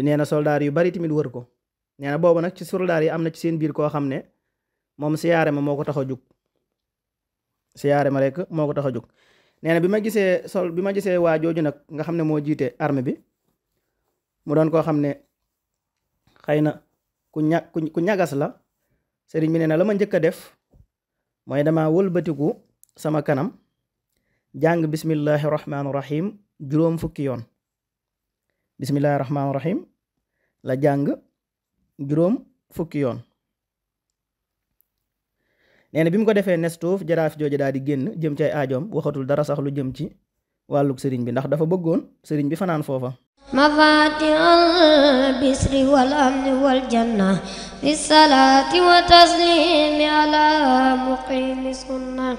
nee na soldaar yu bari tamit wër ko nee na boobu nag ci soldaar yi am na ci seen biir koo xam ne moom siyaare ma moo ko tax a jóg siyaare ma rek moo ko tax a jóg nee na bi ma gisee sol bi ma gisee waa jooju nag nga xam ne moo jiite arme bi mu doon koo xam ne xëy na ku ña ku ñagas la sëriñ bi nee na la njëkk a def mooy dama wëlbatiku sama kanam jàng bismillahi rahmaani rahim juróom fukki yoon bismillahi rahmaani rahim la jàng juróom fukki yoon nee na bi mu ko defee nestuuf jaraaf jooju daal di génn jëm ci ay aajoom waxatul dara sax lu jëm ci wàllug sëriñ bi ndax dafa bëggoon sëriñ bi fanaan foofa mafatihal bisri wal amni wal janna bi salaati wa taslimi ala muqimi sunna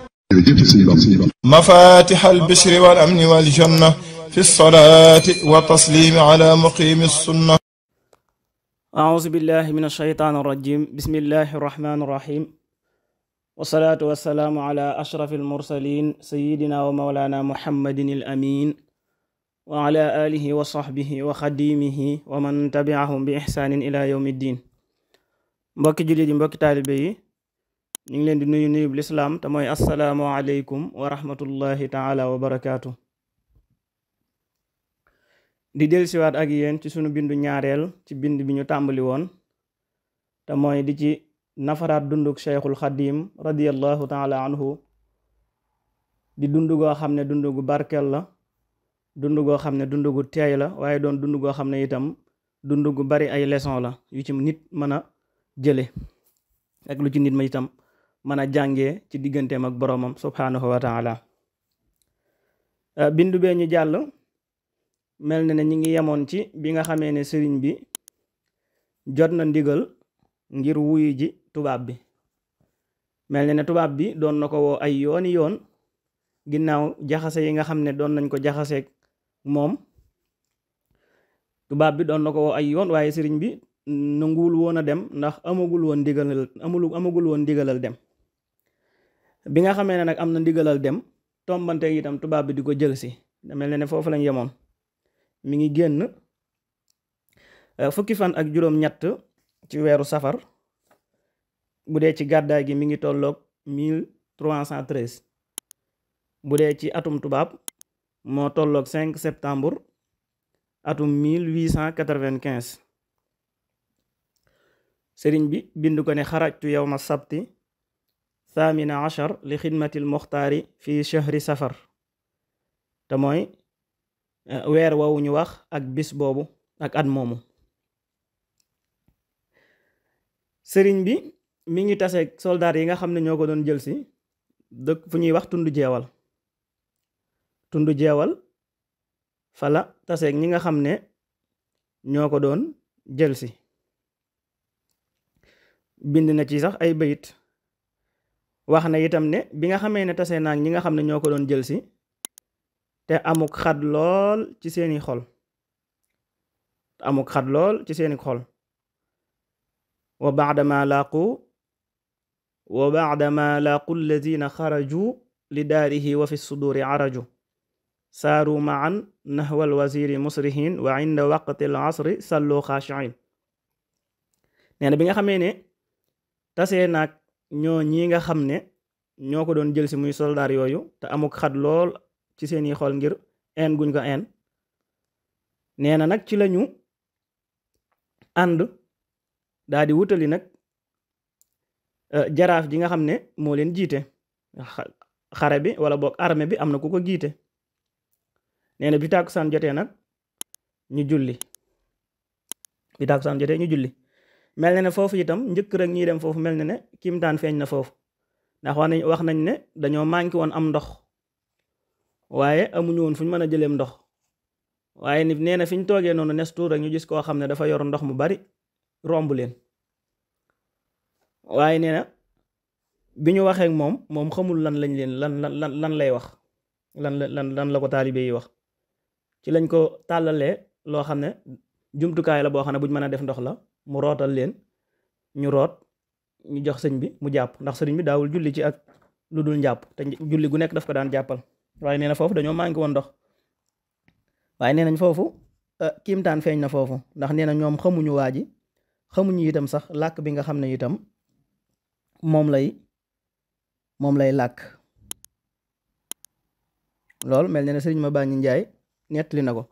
mafatihal bisri wal amni wal janna fi salaati wa tasliimi ala muqiimi sunna auzu billahi min ashaytaani irrajim bismillahi irrahmaani irrahim wasalaatu wasalaamu ala ashrafi almursalin sayidina wa mawlana muhammadin al amin wa ala alihi wa sahbihi wa xadimihi wa man tabiahum bi ixsaanin ila yowmi ddin mbokki jullit yi mbokki taalibe yi ñu ngi leen di nuyu nuyub lislaam te mooy asalaamu aleykum wa rahmatullahi taala wa barakaatu di dellusiwaat ak yéen ci sunu bindu ñaareel ci bind bi ñu tàmbali woon te mooy di ci nafaraat dunduk cheikhul xadim radiallahu taala anhu di dund goo xam ne dund gu barkeel la dund goo xam ne dund gu teey la waaye doon dund goo xam ne itam dund gu bari ay leçon la yu ci nit mën a jële ak lu ci nit ma itam mën a jàngee ci digganteem ak boroomam subhaanahu wa bindu bee ñu jàll mel na ne ñi ngi yemoon ci bi nga xamee ne sëriñ bi jot na ndigal ngir wuyu ji tubaab bi mel na ne tubaab bi doon na ko woo ay yooni yoon ginnaaw jaxase yi nga xam ne doon nañ ko jaxaseeg moom tubaab bi doon na ko woo ay yoon waaye sëriñ bi nanguwul woon a dem ndax amagul woon ndigalal amul amagul woon ndigalal dem bi nga xamee ne nag am na ndigalal dem tombante yitam tubaab bi di ko jël si mel na ne foofu lañ yemoon mi ngi génn euh, fukki fan ak juróom-ñett ci weeru safar bu dee ci gàddaay gi mi ngi tolloog 1313 bu dee ci atum tubaab moo tolloog 5 septembre atum 1895 sëriñ bi bind ko ne xarajtu ma sabti thamina achar li xidmatil muxtaari fi chahri safar te Euh, weer woowu ñu wax ak bis boobu ak at moomu sëriñ bi mi ngi taseek soldaar yi nga xam ne ñoo ko doon jël si dëkk fu ñuy wax tund jeewal tund jeewal fala taseeg ñi nga xam ne ñoo ko doon jël si bind na ci sax ay bayit wax na yitam ne bi nga xamee ne tase naa ñi nga xam ne ñoo ko doon jël si te amuk xat lool ci seeni xol amuk xat lool ci seeni xol wa baada ma laaqu wa baada ma laaqu alladina xaraju li daarihi wa fi suduuri araju saaru maan nahwa alwasiri musrihin wa inda waqti al asri sallu xaashiin nee na bi nga xamee ne tasee naag ñoo ñi nga xam ne ñoo ko doon jël si muy soldaar yooyu te amuk xat lool ci seeni xol ngir en guñ ko en nee na nag ci lañu ànd daa wutali nag euh, jaraaf ji nga xam ne moo leen jiite xare bi wala boog armée bi am na ku ko jiite nee na bi tàkkusaan jotee nag ñu julli bi tàkkusaan jotee ñu julli mel na ne foofu itam njëkk rek ñii dem foofu mel na ne kiimtaan feeñ na foofu ndax wax nañ ne dañoo manqué woon am ndox waaye amuñu woon fu ñu mën a jëleem ndox waaye ni nee na fi ñu toogee noonu nes tuur rek ñu gis koo xam ne dafa yor ndox mu bari romb leen waaye nee na bi ñu waxee moom moom xamul lan lañ leen lan lan lan lay wax lan la lan lan la ko taalibe yi wax ci lañ ko tàllalee loo xam ne jumtukaay la boo xam ne bu ñu mën a def ndox la mu rootal leen ñu root ñu jox sëñ bi mu jàpp ndax sëriñ bi daawul julli ci ak lu dul njàpp te julli gu nekk daf ko daan jàppal waaye nee na foofu dañoo manqué woon ndox waaye nee nañ foofu eh, kiimtaan feeñ na foofu ndax nee na ñoom xamuñu waa ji xamuñu itam sax làkk bi nga xam ne itam moom lay moom lay làkk loolu mel na ne sëriñ ma bàññi njaay nettali na ko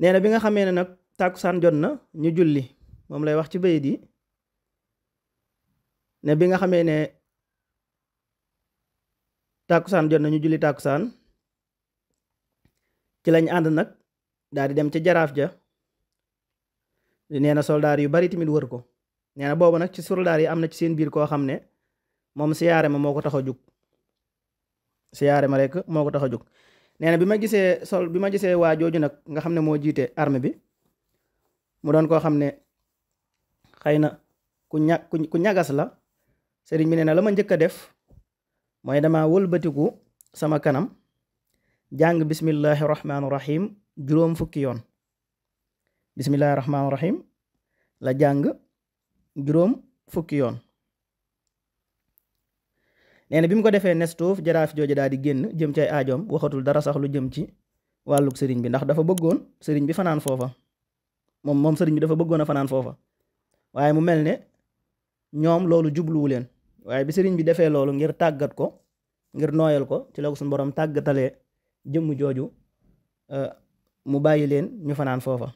nee na bi nga xamee ne nag tàkkusaan jot na ñu julli moom lay wax ci bayit yi ne bi nga xamee ne tàkkusaan jot nañu julli tàkkusaan ci lañ ànd nag daal di dem ca jaraaf ja nee na soldaar yu bari tamit wër ko nee na boobu nag ci soldaar yi am na ci seen biir koo xam ne moom siyaare ma moo ko tax a jóg siyaare ma rek moo ko tax a jóg nee bi ma gisee sol bi ma gisee waa jooju nag nga xam ne moo jiite arme bi mu doon koo xam ne xëy na ku ña ku ñagas la sëriñ bi nee na la ma njëkk a def mooy dama wëlbatiku sama kanam jàng bismillahi rahmaani rahim juróom fukki yoon bismillahi rahmaani rahim la jàng juróom fukki yoon nee na bi mu ko defee nestuuf jaraa jooju daal di génn jëm ci ay aajoom waxatul dara sax lu jëm ci wàllug sëriñ bi ndax dafa bëggoon sëriñ bi fanaan foofa moom moom sëriñ bi dafa bëggoon a fanaan foofa waaye mu mel ne ñoom loolu jubluwu leen waaye bi sëriñ bi defee loolu ngir tàggat ko ngir nooyal ko ci la suñ suñu borom tàggatalee jëmm jooju euh, mu bàyyi leen ñu fanaan foofa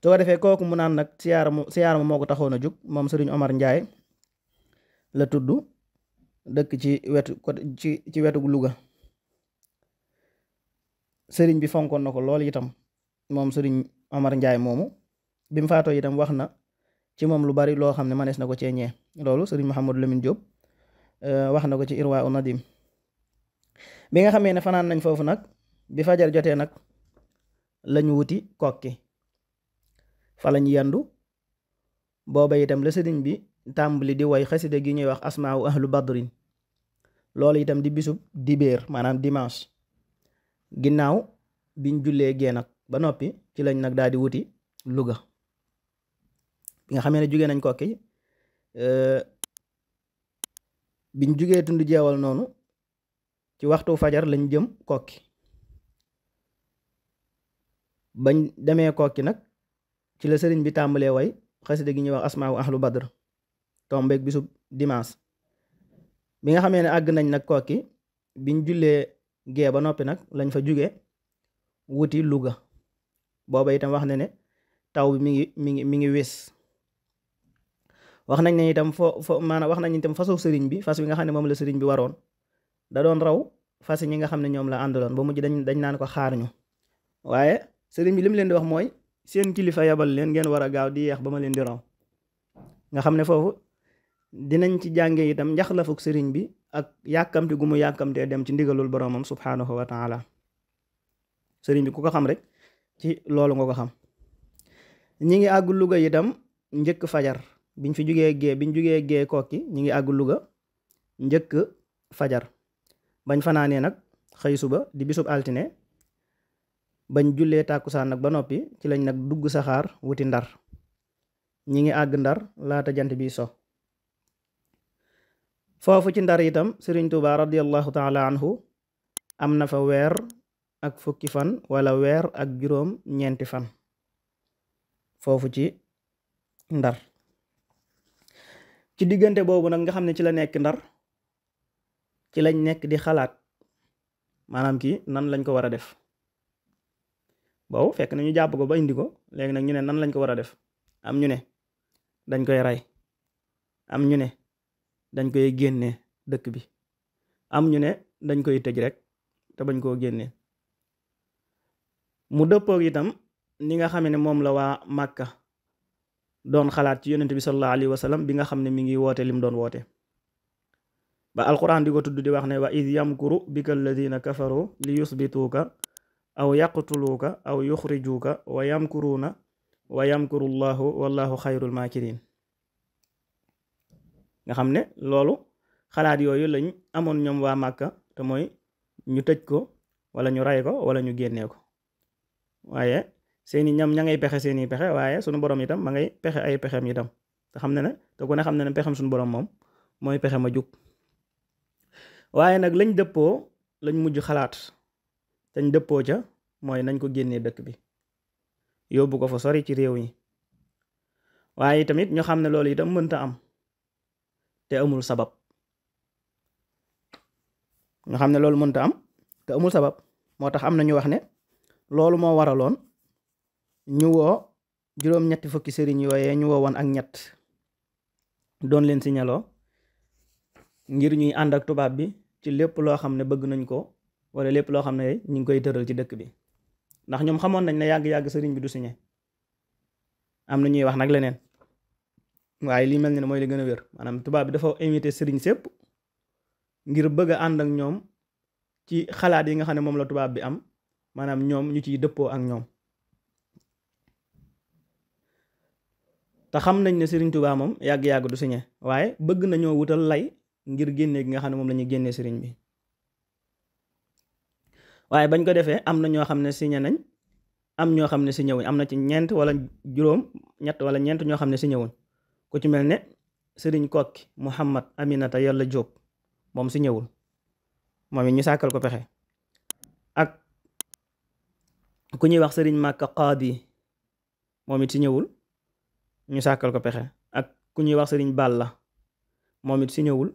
soo ko defee kooku mu naan nag siyaara mu siyaara mu moo ko taxoon a jóg moom sëriñ Omar Ndiaye la tudd dëkk ci ci ci wetu Louga sëriñ bi fonkoon na ko lool itam moom sëriñ Omar Ndiaye moomu bi mu faatoo itam wax na ci moom lu bari loo xam ne manees na ko cee ñee loolu sëriñ Mouhamadou Lamine Diop Euh, wax na ko ci irwa u bi nga xamee ne fanaan nañ foofu nag bi fajar jotee nag lañu wuti kokki fa lañ yandu booba itam la sëriñ bi tàmbali di way xasida gi ñuy wax asmaa u ahlu badrin loolu itam di bisub dibéer maanaam dimanche ginnaaw biñ jullee gee nag ba noppi ci lañ nag daal di wuti Louga bi nga xamee ne jógee nañ kokki euh, biñ jugee tund jeewal noonu ci waxtu fajar lañ jëm kokki bañ demee kokki nag ci la sëriñ bi tàmbalee way xasida gi ñuy wax asmaawu ahlu badr tombeeg bisub dimanche bi nga xamee ne àgg nañ nag kokki biñ jullee gee ba noppi nag lañ fa jugee wuti Louga booba itam wax ne ne taw bi mi ngi mi ngi mi ngi wis wax nañ ne itam fo fo maanaam wax nañ itam fasu sëriñ bi fas bi nga xam ne moom la sëriñ bi waroon da doon raw fas yi ñi nga xam ne ñoom la àndaloon ba mujj dañ dañ naan ko xaar ñu waaye sëriñ bi li leen di wax mooy seen kilifa yabal leen ngeen war a gaaw di yeex ba ma leen di raw nga xam ne foofu dinañ ci yitam jàngee la njaxlafuk sëriñ bi ak yàkkamti gu mu yàkkamtee dem ci ndigalul boromam subhaanahu wa taala sëriñ bi ku ko xam rek ci loolu nga xam ñi ngi àgg Louga itam njëkk fajar biñ fi jugee gee biñ jugee gee kokki ñi ngi àgg luga njëkk fajar bañ fanaanee nag xëy suba di bisub altine bañ jullee tàkkusaan nag ba noppi ci lañ nag dugg saxaar wuti ndar ñi ngi àgg ndar laata jant bi so foofu ci ndar itam sëriñ Tuuba radiallahu taala anhu am na fa weer ak fukki fan wala weer ak juróom ñeenti fan foofu ci ndar ci diggante boobu nag nga xam ne ci la nekk ndar ci lañ nekk di xalaat maanaam kii nan lañ ko war a def boobu fekk na ñu jàpp ko ba indi ko léegi nag ñu ne nan lañ ko war a def am ñu ne dañ koy rey am ñu ne dañ koy génne dëkk bi am ñu ne dañ koy tëj rek te bañ koo génne mu dëppoog itam ni nga xam ne moom la waa Màkka doon xalaat ci yonent bi sallallahu alayhi wa sallam bi nga xam ne mi ngi woote lim doon woote ba alquran di ko tudd di wax ne wa id yamkuru bika alladina kafaru li yusbituuka aw yaqtuluuka aw yuxrijuuka wa yamkuruuna wa yamkuru llahu wallahu xayrul maakirin nga xam ne loolu xalaat yooyu lañ amoon ñoom wa màkka te mooy ñu tëj ko wala ñu rey ko wala ñu génnee ko seeni ñam ña ngay pexe seeni pexe waaye sunu borom itam ma ngay pexe ay pexem itam te xam ne na te ku ne xam ne ne pexem sunu borom moom mooy pexe ma jug waaye nag lañ dëppoo lañ mujj xalaat tañ dëppoo ca mooy nañ ko génnee dëkk bi yóbbu ko fa sori ci réew yi waaye tamit ñu xam ne loolu itam mënta am te amul sabab ñu xam ne loolu mënta am te amul sabab moo tax am na ñu wax ne loolu moo waraloon ñu woo juróom-ñetti fukki sëriñ yooyee ñu woo woon ak ñett doon leen si signaloo ngir ñuy ànd ak tubaab bi ci lépp loo xam ne bëgg nañ ko wala lépp loo xam ne ñu ngi koy tëral ci dëkk bi ndax ñoom xamoon nañ ne yàgg-yàgg sëriñ bi du signé am na ñuy wax nag leneen waaye lii mel ne mooy la gën a wér maanaam tubaab bi dafa invité sëriñ sépp ngir bëgg a ànd ak ñoom ci xalaat yi nga xam ne moom la tubaab bi am maanaam ñoom ñu ciy dëppoo ak ñoom te xam nañ ne Serigne Touba moom yàgg-yàgg du signé waaye bëgg nañoo wutal lay ngir génne gi nga xam ne moom lañuy ñuy génnee Serigne bi waaye bañ ko defee am na ñoo xam ne siñe nañ am ñoo xam ne signé wuñ am na ci ñeent wala juróom wala ñeent ñoo xam ne signé wuñ ku ci mel ne sëriñ Kokki Mouhamad Aminata Yàlla Jóob moom signé wul moom it ñu sàkkal ko pexe ak ku ñuy wax sëriñ Màkka Qaadi moom it signé ñu sàkkal ko pexe ak ku ñuy wax sëriñ Balla moom it si ñëwul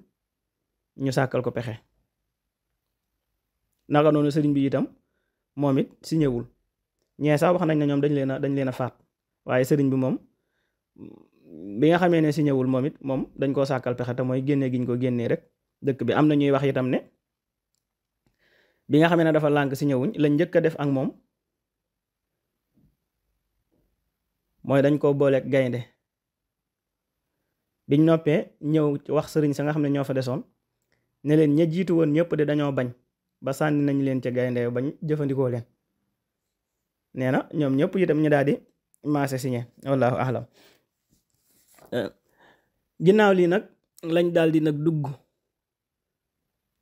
ñu sàkkal ko pexe naka noonu sëriñ bi itam moom it si ñëwul ñee sax wax nañ ne ñoom dañ leen a dañ leen a faat waaye sëriñ bi moom bi nga xamee ne si ñëwul moom it moom dañ koo sàkkal pexe te mooy génnee giñ ko génnee rek dëkk bi am na ñuy wax itam ne bi nga xamee ne dafa lànk si ñëwuñ lañ njëkk a def ak moom mooy dañ koo booleek gaynde biñ noppee ñëw wax sëriñ sa nga xam ne ñoo fa desoon ne leen ña jiitu woon ñëpp de dañoo bañ ba sànni nañ leen ci gaynde bañ jëfandikoo leen nee na ñoom ñëpp itam ñu daal di maase signé wallahu ahlam ginnaaw lii nag lañ daal di nag dugg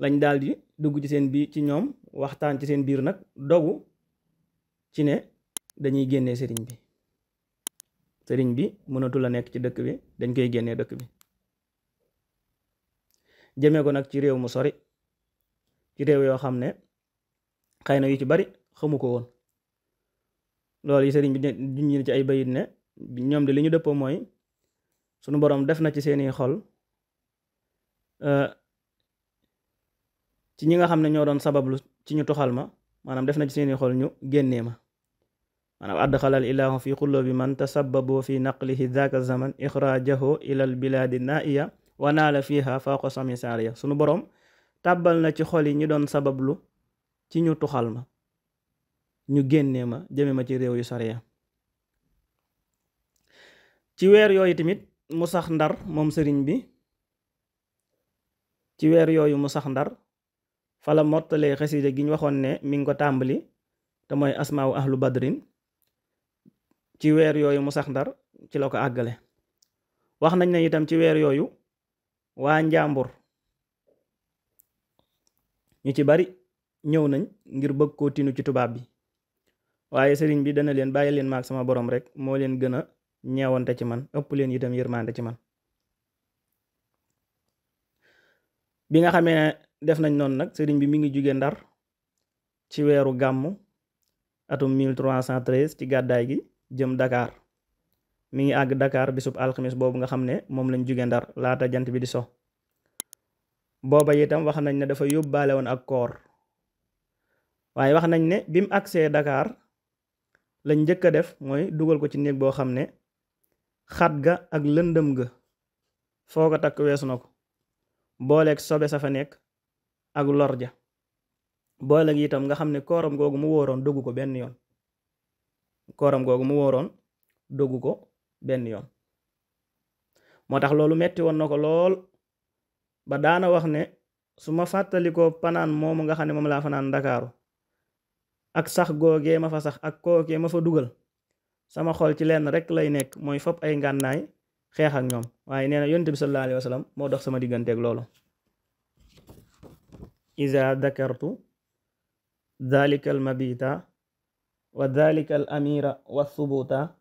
lañ daldi dugg ci seen biir ci ñoom waxtaan ci seen biir nag dogu ci ne dañuy génnee sëriñ bi sëriñ bi mënatul la nekk ci dëkk bi dañ koy génnee dëkk bi jëmee ko nag ci réew mu sori ci réew yoo xam ne xëy na yu ci bari xamu ko woon loolu yi sëriñ bi ñu ci ay bayit ne ñoom de li ñu dëppoo mooy sunu boroom def na ci seeni xol euh, ci ñi nga xam ne ñoo doon sabablu ci ñu toxal ma maanaam def na ci seeni xol ñu génnee ma maanaam adxalal ilaahu fi bi man tasabbabu fi naqlihi dhaka zaman ixraajahu ilal bilaadi naiya wa naala fiha fawqa sami saariya sunu boroom tàbbal na ci xol yi ñu doon sabablu ci ñu tuxal ma ñu génnee ma jëme ma ci réew yu soriya ci weer yooyu tamit mu sax ndar moom sëriñ bi ci weer yooyu mu sax ndar fala mottalee xasida gi ñu waxoon ne mi ngi ko tàmbali te mooy asmaawu ahlu badrin ci weer yooyu mu sax ndar ci la ko àggale wax nañ ne itam ci weer yooyu waa njàmbur ñu ci bari ñëw nañ ngir bëgg koo tinu ci tubaab bi waaye sëriñ bi dana leen bàyyi leen maag sama borom rek moo leen gën a ñeewante ci man ëpp leen itam yërmande ci man bi nga xamee def nañ noonu nag sëriñ bi mu ngi jóge ndar ci weeru gàmmu atum 1313 ci gàddaay gi jëm dakaar mu ngi àgg dakaar bisub alxamis boobu nga xam ne moom lañ juge ndar laata jant bi di so booba itam wax nañ ne dafa yóbbaale woon ak koor waaye wax nañ ne bi mu agsee dakaar lañ njëkk a def mooy dugal ko ci néeg boo xam ne xat ga ak lëndëm ga foo ko takk weesu na ko booleek sobe sa fa nekk ak lor ja booleeg itam nga xam ne kooram googu mu wooroon dugg ko benn yoon kooram googu mu wooroon dogu ko benn yoon moo tax loolu metti woon na ko lool ba daana wax ne su ma fàttali fàttalikoo panaan moomu nga xam ne moom laa fanaan ndakaaru ak sax googee ma fa sax ak kookee ma fa dugal sama xol ci lenn rek lay nekk mooy fop ay ngànnaay xeex ak ñoom waaye nee na yonent bi sallallahu alayhi moo dox sama digganteeg loolu iza dakartu dhalika al mabita wa dalika amira wa thubuta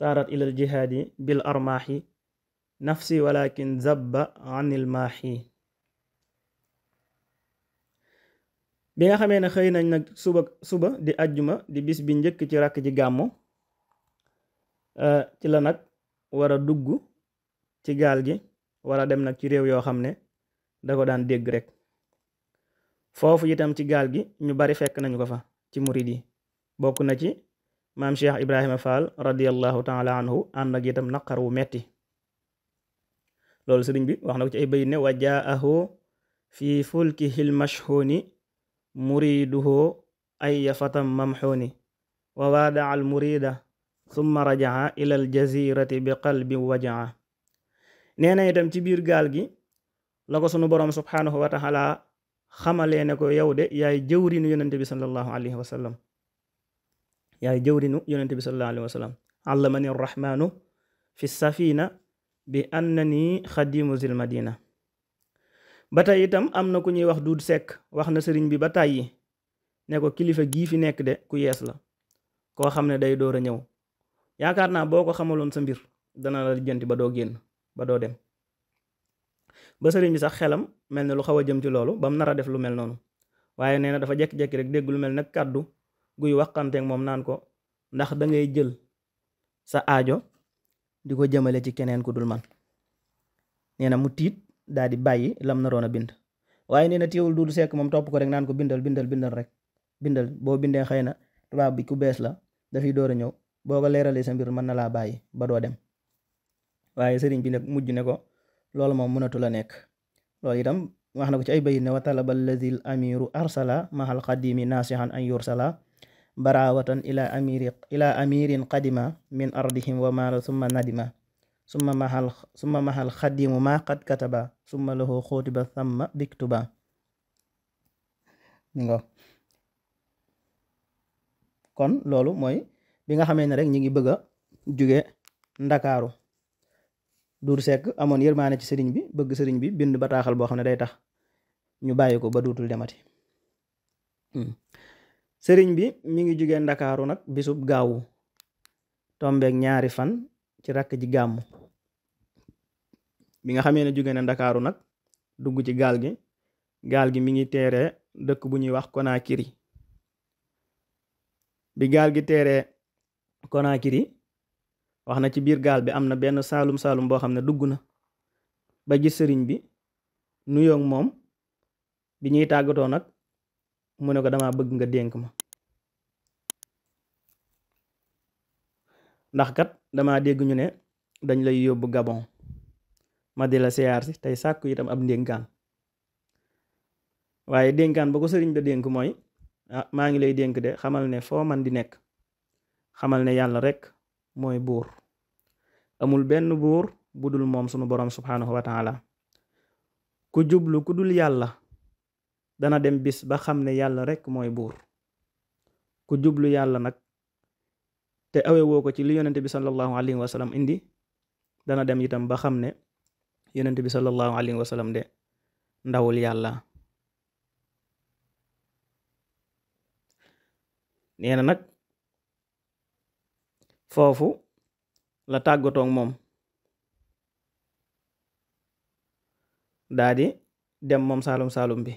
taarat ila al jihaadi bil armaahi nafsi walakin zabba an il maahi bi nga xamee ne xëy nañ nag suba suba di ajjuma di bis bi njëkk ci rakk ci gàmmu ci la nag war dugg ci gaal gi wala dem nag ci réew yoo xam ne da ko daan dégg rek foofu itam ci gaal gi ñu bari fekk nañu ko fa ci murid yi bokk na ci maam Cheikh Ibrahima Fall radiallahu taala anhu ànd ak naqar wu metti loolu sëriñ bi wax na ci ay bayit ne wa jaahu fi fulkihi lmashhuuni muriduhu ay fatam mamxuuni wa waadaa al murida rajaa ila al bi qalbi wajaa nee na itam ci biir gaal gi la borom sunu boroom subhaanahu wa taala ko yow de yaay jëwrinu yonente sallallahu alayhi wa yaay jëwrinu yonente bi sallallahu alayhi wa sallam allamani rahmaanu fi na bi annani xadimu zil madina ba tey itam am na ku ñuy wax duud sekk wax na sëriñ bi ba tàyyi ne ko kilifa gii fi nekk de ku yees la koo xam ne day door a ñëw yaakaar naa boo ko xamaloon sa mbir dana la lijjanti ba doo génn ba doo dem ba sëriñ bi sax xelam mel ne lu xaw a jëm ci loolu ba mu nar a def lu mel noonu waaye nee na dafa jekki-jekki rek dégg lu mel nag kàddu guy waxanteeg moom naan ko ndax da ngay jël sa aajo di ko jëmale ci keneen ku dul man nee na mu tiit daal di bàyyi lam naroon a bind waaye nee na teewul Duudu Sekk moom topp ko rek naan ko bindal bindal bindal rek bindal boo bindee xëy na tubaab bi ku bees la dafiy door a ñëw boo ko leeralee sa mbir mën na laa bàyyi ba doo dem waaye sëriñ bi nag mujj ne ko loolu moom mënatu la nekk loolu itam wax na ko ci ay bayit ne wa talaba alladi al amiru arsala mahal qadimi nasihan barawatan ila amiri ila amirin qadima min ardihim wa maala summa nadima summa mahal summa mahal xadimu ma qad kataba summa lahu xutiba thamma biktuba ngo kon loolu mooy bi nga xamee ne rek ñi ngi bëgg a jóge ndakaaru duur sekk amoon yërmaane ci sëriñ bi bëgg sëriñ bi bind bataaxal boo xam ne day tax ñu bàyyi ko ba duutul demati hmm. sëriñ bi mi ngi jóge ndakaaru nag bisub gaawu tombeek ñaari fan ci rakk ji gàmmu bi nga xamee ne jóge na ndakaaru nag dugg ci gaal gi gaal gi mi ngi teere dëkk bu ñuy wax Konakiri bi gaal gi teere Konakiri wax na ci biir gaal bi am na benn saalum saalum boo xam ne dugg na ba gis sëriñ bi nuyoog moom bi ñuy tàggatoo nag mu ne ko damaa bëgg nga dénk ma ndax kat dama dégg ñu ne dañ lay yóbbu Gabon ma di la siyaar si tey sàkk yitam ab dénkaan waaye dénkaan ba ko sëriñ ba dénk mooy ah, maa ngi lay dénk de xamal ne foo man di nekk xamal ne yàlla rekk mooy buur amul benn buur bu dul moom sunu boroom subhaanahu wa taala ku jublu ku dul yàlla dana dem bis ba xam ne yàlla rekk mooy buur ku jublu yàlla nag te awe woo ko ci li yonente bi sallallahu alayhi wa indi dana dem itam ba xam ne yonente bi sallallahu alayhi wa de ndawul yàlla nee na nag foofu la tàggatoog moom daa di dem moom saalum saalum bi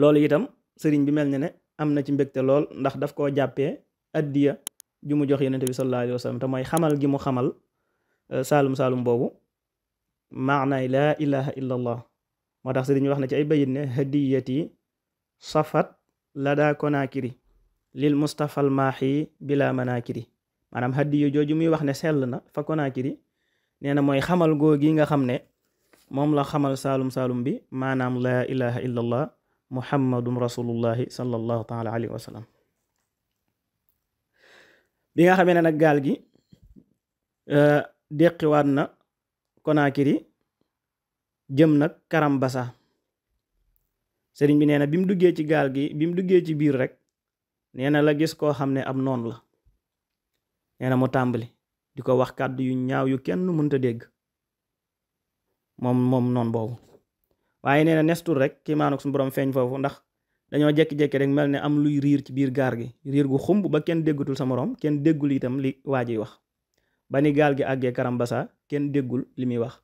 loolu itam sëriñ bi mel ne ne am na ci mbégte lool ndax daf koo jàppee addiya ju mu jox yonente bi sallallahu alayhi wa xamal gi mu xamal euh, salum saalum boobu maanaay laa ilaha illa allah moo tax sëriñ bi wax na ci ay bayit ne hadiyati safat lada konaakiri lil mustafal maaxi bila manaakiri maanaam hadiyu jooju muy wax ne sell na fa konaakiri nee na mooy xamal goo gi nga xam ne moom la xamal saalum saalum bi maanaam laa ilaha muhammadum rasulullahi sallallahu taala alayhi wa sallam bi nga xamee ne gaal gi euh, déqiwaat na Konaakiri jëm nag Karambasa sëriñ bi nee na bi mu duggee ci gaal gi bi mu duggee ci biir rek nee na la gis koo xam ne am noon la nee na mu tàmbali di ko wax kàddu yu ñaaw yu kenn mënta dégg moom moom noon boobu waaye nee na nestul rek kii maanuk suñu borom feeñ foofu ndax dañoo jékki-jékki rek mel ne am luy riir ci biir gaar gi riir gu xumb ba kenn déggatul sa morom kenn déggul itam li waa ji wax ba ni gaal gi àggee karambasa kenn déggul li muy wax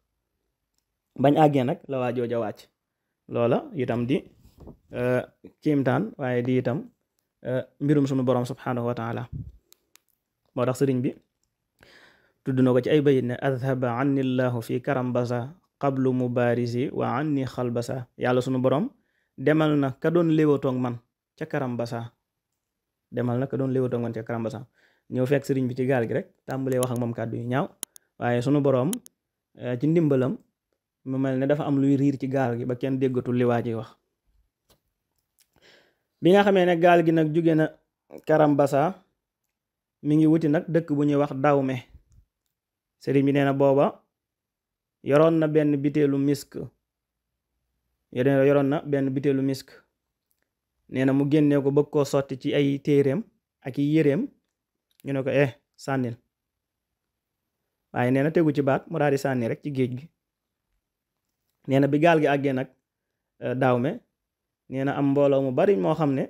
bañ àggee nag la waa jooja loola itam di euh, kiimtaan waaye di itam euh, mbirum sunu borom subhanahu wa taala moo tax sëriñ bi tudd na ko ci ay bay ne adhaba anni fi karambasa mu qablu mubarisi wa xal xalbasa yàlla sunu boroom demal na ka doon léewatoog man ca karam karambasa demal na ka doon léewatoog man ca karambasa ñëw fekk sëriñ bi ci gaal gi rek tàmbalee wax ak moom kàddu yu ñaaw waaye sunu boroom eh, ci ndimbalam mu mel ni dafa am luy riir ci gaal gi ba kenn déggatul li waa ji wax bi nga xamee ne gaal gi nag jóge na karam karambasa mi ngi wuti nag dëkk bu ñuy wax dawme sëriñ bi nee booba yoroon na benn biteelu misk yoroon na benn biteelu misk nee na mu génnee ko bëgg koo sotti ci ay téereem ak i yéreem ñu ne ko eh sànnil waaye nee na tegu ci baat mu daal di sànni rek ci géej gi nee na bi gaal gi àggee nag eh, daaw me nee na am mbooloo mu bari moo xam ne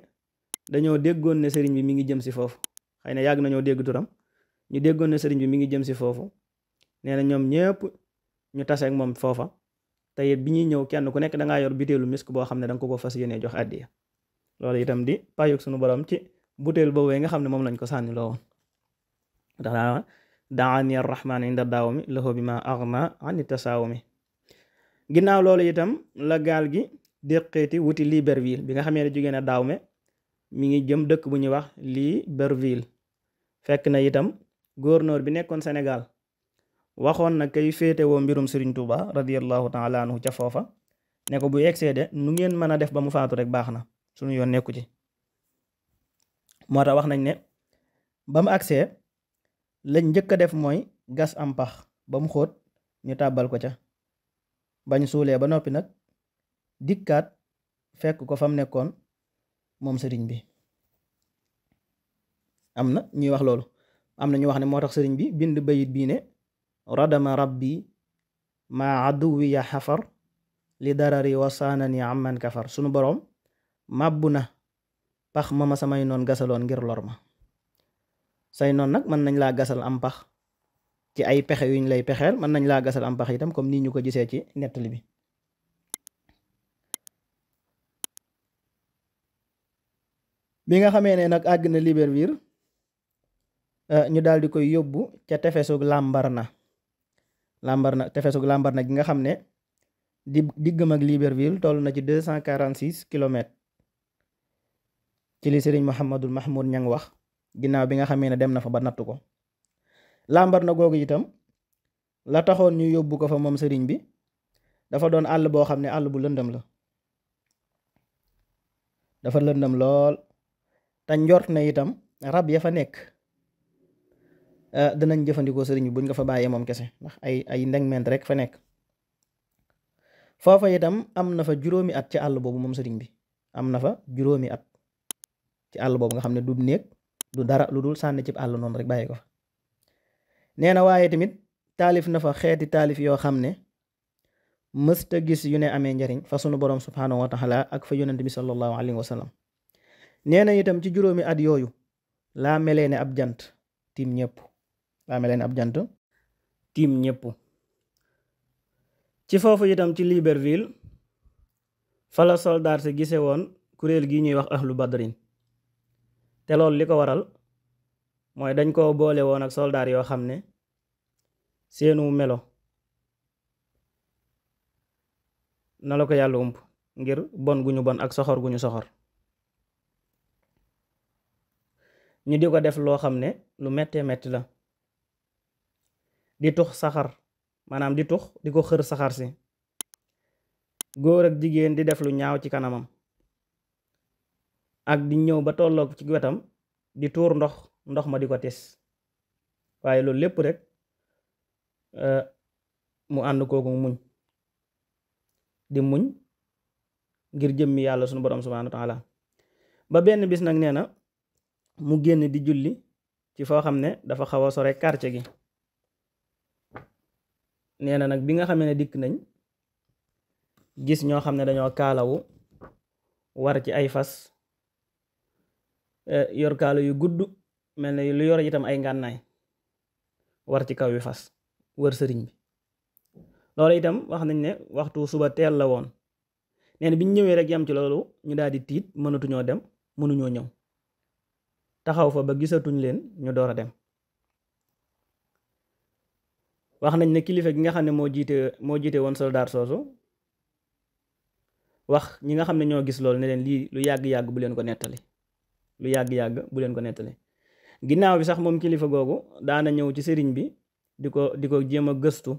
dañoo déggoon ne sëriñ bi mi ngi jëm si foofu xëy na yàgg nañoo dégg turam ñu déggoon ne sëriñ bi mi ngi jëm si foofu nee ñoom ñëpp ñu taseeg moom foofa te it bi ñuy ñëw kenn ku nekk da yor butéelu misk boo xam ne da ko ko fas yéenee jox addiya loolu itam di payug suñu borom ci butéel boobee nga xam ne moom lañ ko sànni loo woon ndax daa daani arrahmaan inda daawami lahu bi ma agna ani tasaawumi ginnaaw loolu itam la gaal gi déqeeti wuti Libreville bi nga xamee ne jógee daaw me mi ngi jëm dëkk bu ñuy wax lii Libreville fekk na itam gouverneur bi nekkoon Sénégal waxoon na kay féetewoo mbirum Serigne Touba radiyallahu taala anhu ca foofa ne ko bu yegsee de nu ngeen mën a def ba mu faatu rek baax na suñu yoon nekku ci moo wax nañ ne ba mu agsee lañ njëkk a def mooy gas am ba mu xóot ñu tàbbal ko ca bañ suulee ba noppi nag dikkaat fekk ko fam nekkoon moom sëriñ bi am na ñuy wax loolu am na ñu wax ne moo tax sëriñ bi bind bayit bii ne radama rabbi ma aduwi xafar li darari wasaanani amman kafar sunu boroom màbbu na pax ma ma samay noon gasaloon ngir lor ma say noon nag mën nañ laa gasal am pax ci ay pexe yuñ lay pexeel mën nañ laa gasal am pax itam comme nii ñu ko gisee ci nettali bi bi nga xamee ne nag àgg na Libreville euh, ñu daldi koy yóbbu ca tefesug na lambar na tefesug lambar na gi nga xam ne di diggam ak Libreville toll na ci deux cent quarante six kilomètres ci li Serigne Mouhamadul Mahmoud ñang wax ginnaaw bi nga xamee ne dem na fa ba nattu ko lambar na googu itam la taxoon ñu yóbbu ko fa moom sëriñ bi dafa doon àll boo xam ne àll bu lëndëm la dafa lëndëm lool te njort na itam rab ya fa nekk. Eh, danañ jëfandikoo sëriñ bi buñ ko fa bàyyee moom kese ndax ay ay ndegmeent rek fa nekk foofa itam am na fa juróomi at ci àll boobu moom sëriñ bi am na fa juróomi at ci àll boobu nga xam ne du néeg du dara lu dul sànni ci àll noonu rek bàyyi ko fa nee na waaye tamit taalif na fa xeeti taalif yoo xam ne mësta gis yu ne amee njariñ fa sunu borom subhaanahu wa taala ak fa yonent bi sallallahu alayhi wa sallam nee na itam ci juróomi at yooyu laa melee ne ab jant tiim ñëpp ame leen ab jant tiim ñépp ci foofu itam ci Libreville fala soldaar si gise woon kuréel gi ñuy wax ahlu badrin te loolu li ko waral mooy dañ koo boole woon ak soldaar yoo xam ne seenu melo na la ko yàlla ump ngir bon gu ñu bon ak soxor gu ñu soxor ñu di ko def loo xam ne lu mettee metti la di tux saxar maanaam di tux di ko xër saxar si góor ak jigéen di def lu ñaaw ci kanamam ak di ñëw ba tolloog ci wetam di tuur ndox ndox ma di ko tes waaye loolu lépp rek euh, mu ànd kooku muñ di muñ ngir jëmmi yàlla sunu borom subhanahu wa taala ba benn bis nag nee na mu génn di julli ci foo xam ne dafa xaw a sore quartier gi nee na nag bi nga xamee ne dikk nañ gis ñoo xam ne dañoo kaalawu war ci ay fas eh, yor kaala yu gudd mel ne lu yor itam ay ngànnaay war ci kaw yi fas wër sëriñ bi loolu itam wax nañ ne waxtu suba teel la woon nee na bi ñu ñëwee rek yam ci loolu ñu daal di tiit mënatuñoo dem mënuñoo ñëw taxaw fa ba gisatuñ leen ñu door a dem wax nañ ne kilifa gi nga xam ne moo jiite moo jiite woon soldaar soosu wax ñi nga xam ne ñoo gis loolu ne leen lii lu yàgg-yàgg bu leen ko nettali lu yàgg-yàgg bu leen ko nettali ginnaaw bi sax moom kilifa googu daana ñëw ci sëriñ bi di ko di ko jéem a gëstu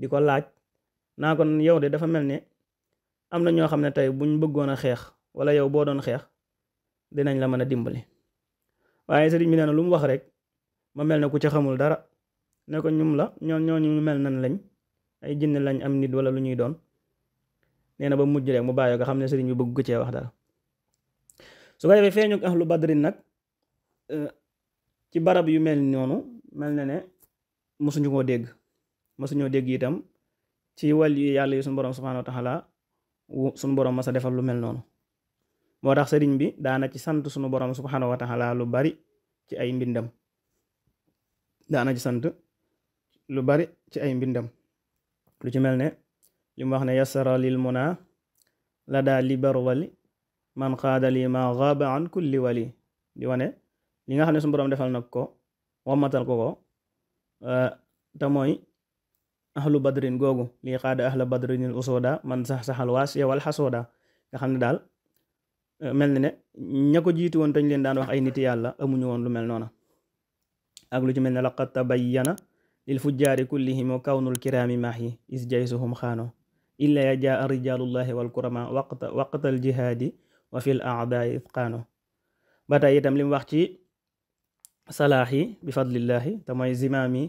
di ko laaj naa ko yow de dafa mel ne am na ñoo xam ne tey buñ bëggoon a xeex wala yow boo doon xeex dinañ la mën a dimbali waaye sëriñ bi nee na lu mu wax rek ma mel ne ku ca xamul dara ne ko ñum la ñoo ñoo ñu mel na lañ ay jinne lañ am nit wala lu ñuy doon nee na ba mujj rek mu bàyyi nga xam ne sëriñ bi bëgg ko cee wax dara su ko defee feeñu ahlu badrin nag euh, ci barab yu mel noonu mel na ne mosuñu koo dégg mosuñoo dégg itam ci wàll yu yàlla yi suñu borom subhaanahu wa taala borom masa defal lu mel noonu moo tax sëriñ bi daana ci sant suñu borom subhaanahu wa taala lu bari ci ay mbindam daana ci sant lu bari ci ay mbindam lu ci mel ne li wax ne yasara lil muna la daa li barwali man xaadali ma xaaba an kulli wali di wane li nga xam ne suñu boroom defal nag ko wammatal ko ko eh, mooy ahlu badrin googu lii xaada ahla badrinil usooda man sax-saxal waas yewal xasooda nga xam ne daal eh, mel ni ne ña ko jiitu woon tañ leen daan wax ay niti yàlla amuñu woon lu mel noona lu ci mel ne laqad tabayyana lil fujjaari kullihim wa kawnul kiraami maahi is jaysuhum xaano illa ya jaa rijaalullahi wal kurama waqta waqtal jihaadi wa fil aadaai itqaano ba tey itam li mu wax ci salaax yi bi fadlillahi te mooy zimaami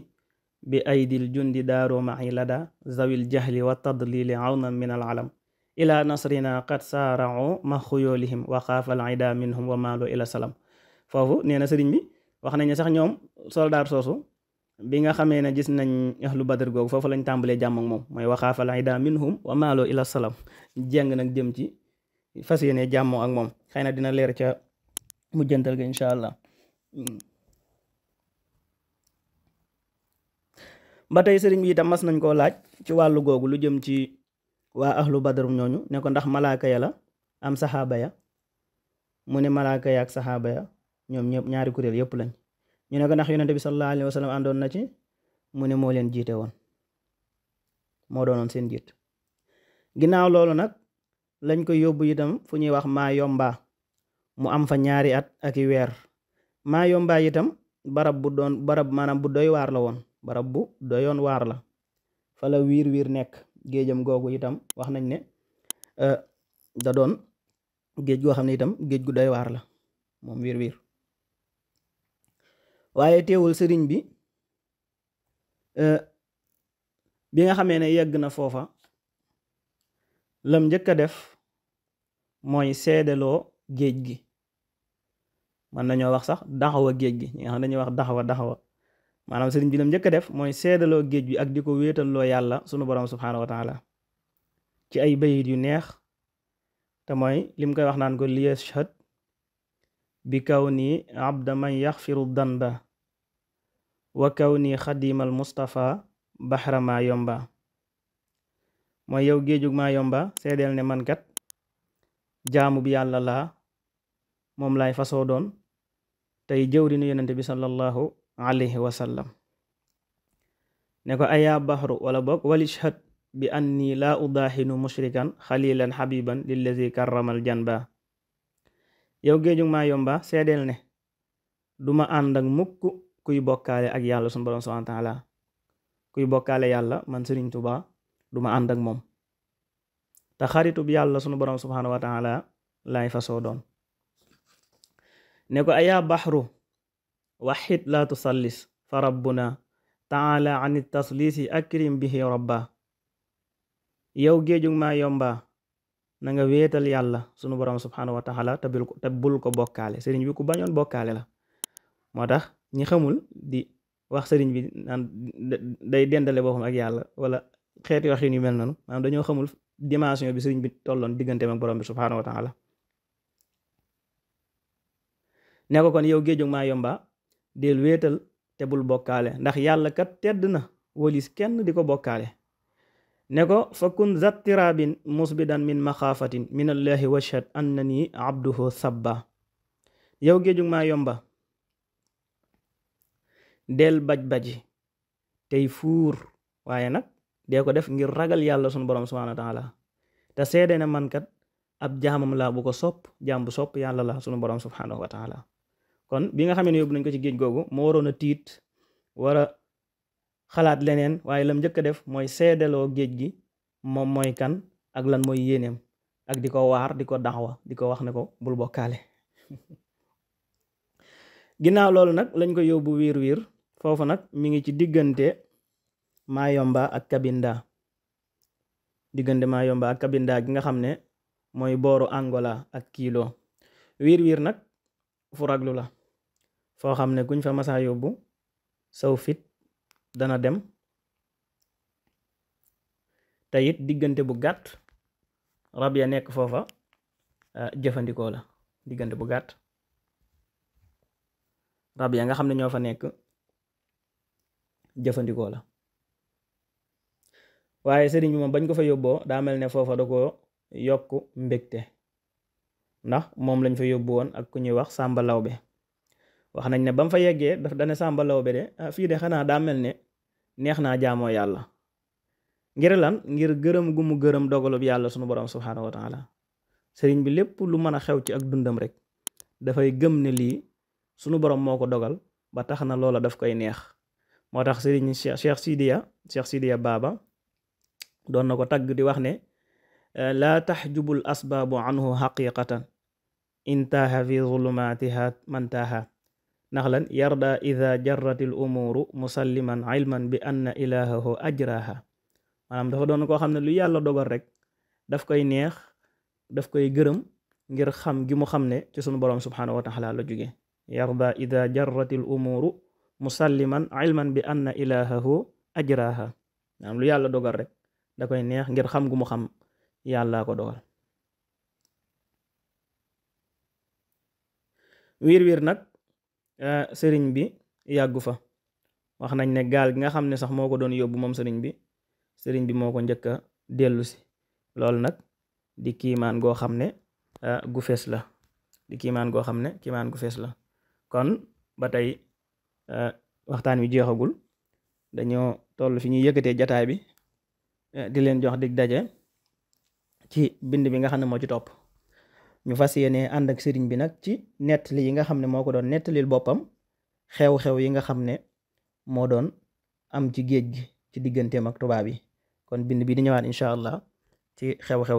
bi aydil jundi daaroo maxi lada zawil jahli wa tadlili awnan min al alam ila nasrina qad saarao ma xuyoolihim wa xaafal ida minhum wa maalo ila salam foofu nee na sëriñ bi wax nañ ne sax ñoom soldaar soosu bi nga xamee ne gis nañ ahlu badar googu foofu lañ tàmbalee jàmm ak moom mooy waxaafal ida minhum wa maalo ila salam jeng nag jëm ci fas yéene jàmmoo ak moom xëy na dina leer ca mujjantal ga incha allah ba tey sëriñ bi itam mas nañ koo laaj ci wàllu googu lu jëm ci waa ahlu badar ñooñu nekkoo ndax malaaka ya la am saxaaba ya mu ne malaaka ya ak saxaaba ya ñoom ñëpp ñaari kuréel yëpp lañ ñu ne ko ndax yonente bi sallallahu alayhi wa na ci mu ne moo leen jiite woon moo doonoon seen jiit ginnaaw loolu nag lañ ko yóbbu itam fu ñuy wax maa yomba mu am fa ñaari at aki weer maa yomba itam barab bu doon barab maanaam bu doy waar la woon barab bu doyoon waar la fa la wiir wiir nekk géejam googu itam wax nañ ne euh, da doon géej goo xam ne itam géej gu doy waar la moom wiir wiir waaye teewul sëriñ bi eh, bi nga xamee ne yegg na foofa lam njëkk a def mooy seedeloo géej gi mën nañoo wax sax daxawa géej gi ñi nga xam dañuy wax daxawa daxawa maanaam sëriñ bi lam njëkk a def mooy seedaloo géej bi ak di ko wéetalloo yàlla sunu borom subhaanahu wa taala ci ay bayit yu neex te mooy lim koy wax naan ko liyashhad bi kawni abda man yaxfiru danba wa kawni xadimal mustafa baxra maa yomba mooy yow géejug maa yomba seedeel ne man kat jaamu bi yàlla la moom laay fasoo doon tey jëwrinu yonente sallallahu alayhi wa ne ko ayaa baxru wala boog walishhad bi anni laa udaaxinu mushrikan xalilan xabiban lillazi karramal janba yow géejug maa yomba seedeel ne duma ànd ak kuy bokkaale ak yàlla sunu borom subhanahu wa kuy bokkaale yàlla man Sëriñ Tuubaa duma ànd ak moom te xaritub yàlla sunu borom subhanahu wa taala laay fasoo doon ne ko ayaa baxru waxit laa tusallis fa rabbuna taala an taslisi akrim bihi rabba yow géejug maa yomba na wéetal yàlla sunu borom subhanahu wa taala te bul ko te bul ko bokkaale sëriñ bi ku bañoon bokkaale la moo tax ñi xamul di wax sëriñ bi naan day dendale boppam ak yàlla wala xeeti wax yu mel noonu maanaam dañoo xamul dimension bi sëriñ bi tolloon digganteem ak borom bi subhanahu wa taala ko kon yow géejug maa yomba del wéetal te bul bokkaale ndax yàlla kat tedd na wólis kenn di ko bokkaale ne ko fa kun zattiraabin musbidan min maxaafatin min allaahi washhad annani abduhu sabba yow géejug maa yomba del baj tey fuur waaye nag dee ko def ngir ragal yàlla sunu borom subhaanahu wa taala te seede ne man kat ab jaamam laa bu ko sopp jaam bu yàlla la sunu borom subhaanahu wa taala kon bi nga xam ne yóbbu nañ ko ci tiit xalaat leneen waaye lam njëkk a def mooy seedaloo géej gi moom mooy kan ak lan mooy yéeneem ak di ko waar di ko daxwa di ko wax ne ko bul kaale ginnaaw loolu nag lañ ko yóbbu wiir wiir foofu nag mi ngi ci diggante Mayomba ak Kabinda diggante Mayomba ak Kabinda gi nga xam ne mooy booru Angola ak Kilo wiir wiir nag fu raglu la foo xam ne kuñ fa masaa yóbbu saw fit dana dem te it diggante bu gàtt rab ya nekk foofa eh, jëfandikoo la diggante bu gàtt rab ya nga xam ne ñoo fa nekk jëfandikoo la waaye sëriñ moom bañ ko fa yóbboo daa mel ne foofa da ko yokk mbégte ndax moom lañ fa yóbbu woon ak ku ñuy wax Sàmba Lawbe wax nañ ne ba mu fa yeggee daf dane Samba Laobé de ah, fii de xanaa daa mel ne neex naa jaamoo yàlla ngir lan ngir gërëm gu gërëm dogalub yàlla sunu borom subhaanahu wa sëriñ bi lépp lu mën a xew ci ak dundam rek dafay gëm ne lii sunu borom moo ko dogal ba tax na loola daf koy neex moo tax sëriñ Cheikh Sidiya Cheikh Sidiya Baba doon na ko tagg di wax ne eh, laa taxjubul asbaabu anhu xaqiqatan intaaha fi zulumaatiha mantaaha ndax lan yarda ida jarratil umuru musalliman ilman bi anna ilahahu ajraha dafa doon koo xam ne lu yàlla dogal rek daf koy neex daf koy gërëm ngir xam gi mu xam ne ci sunu borom subhanahu wa taala la jóge yarda ida jarratil umuru musalliman ilman bi anna ilahahu ajraha maanaam lu yàlla dogal rek da koy neex ngir xam gu mu xam yàlla ko dogal wiir wiir nag Eh, sëriñ bi yàggu fa wax nañ ne gaal bi nga xam ne sax moo ko doon yóbbu moom sëriñ bi sëriñ bi moo ko njëkk dellusi dellu loolu nag di kiimaan goo xam ne eh, gu fees la di kiimaan goo xam ne kiimaan gu fees la kon ba tey eh, waxtaan wi jeexagul dañoo toll fi ñuy yëkkatee jataay bi di leen jox dig daje ci bind bi nga xam ne moo ci topp ñu fas yéene ànd ak sëriñ bi nag ci nettali yi nga xam ne moo ko doon nettalil boppam xew-xew yi nga xam ne moo doon am ci géej gi ci digganteem ak tubaab yi kon bind bi di ñëwaat allah ci xew-xew